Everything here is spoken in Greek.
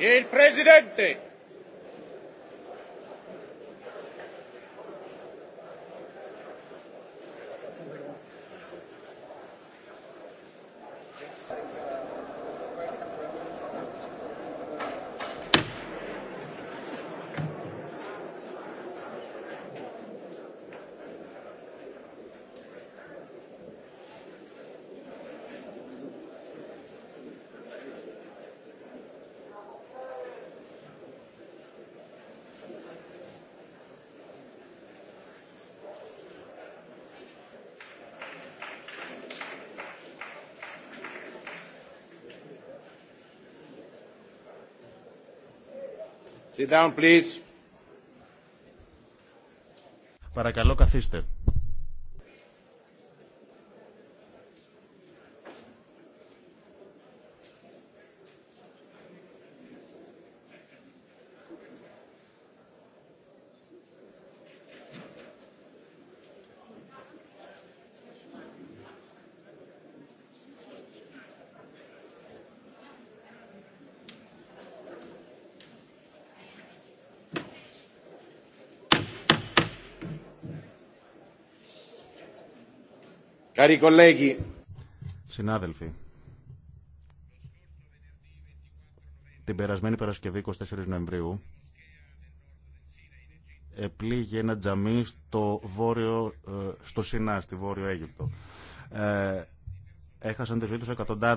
il presidente Sit down, please. Παρακαλώ καθίστε. Cari colleghi. Συνάδελφοι, την περασμένη Παρασκευή 24 Νοεμβρίου επλήγει ένα τζαμί στο, βόρειο, ε, στο Σινά, στη Βόρειο Αίγυπτο. Ε, έχασαν τη ζωή τους εκατοντάδε